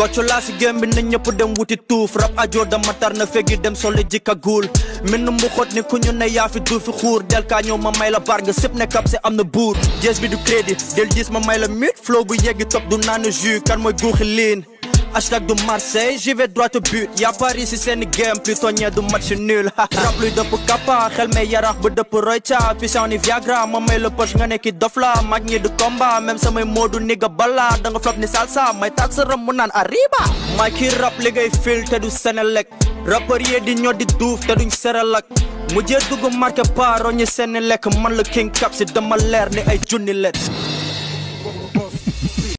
kocc laa si na ñëpp dem wuti tuuf rab ajoor dama tar na fegi dem sole jikka guul min nu mbuxóot ni ku ñu ne yaa fi duufi xuur del kaa ñëw ma may la bar nga sëpp ne kap am na buur jees bi du crédit del gis ma may la mit flow bu yeggi top du naanu jus kan mooy guuxi liin hashtag du Marseille j'y vais droit au but y'a Paris si seen game pitonnier du match nul rab luy dëpp kappa xel may yarax ba dëpp royca puissant ni Viagra ma may la poche nga nekki dof la mag ñi du combat même samay moodu nigga balla da flop ni salsa may tax sa rëm mu naan arriba may ki rab li ngay fil te du Senelec rappeur yi di ñoo di duuf te duñ seralak mu jee dugg marqué paro ñi seen lekk man la king cap si dama leer ni ay junni let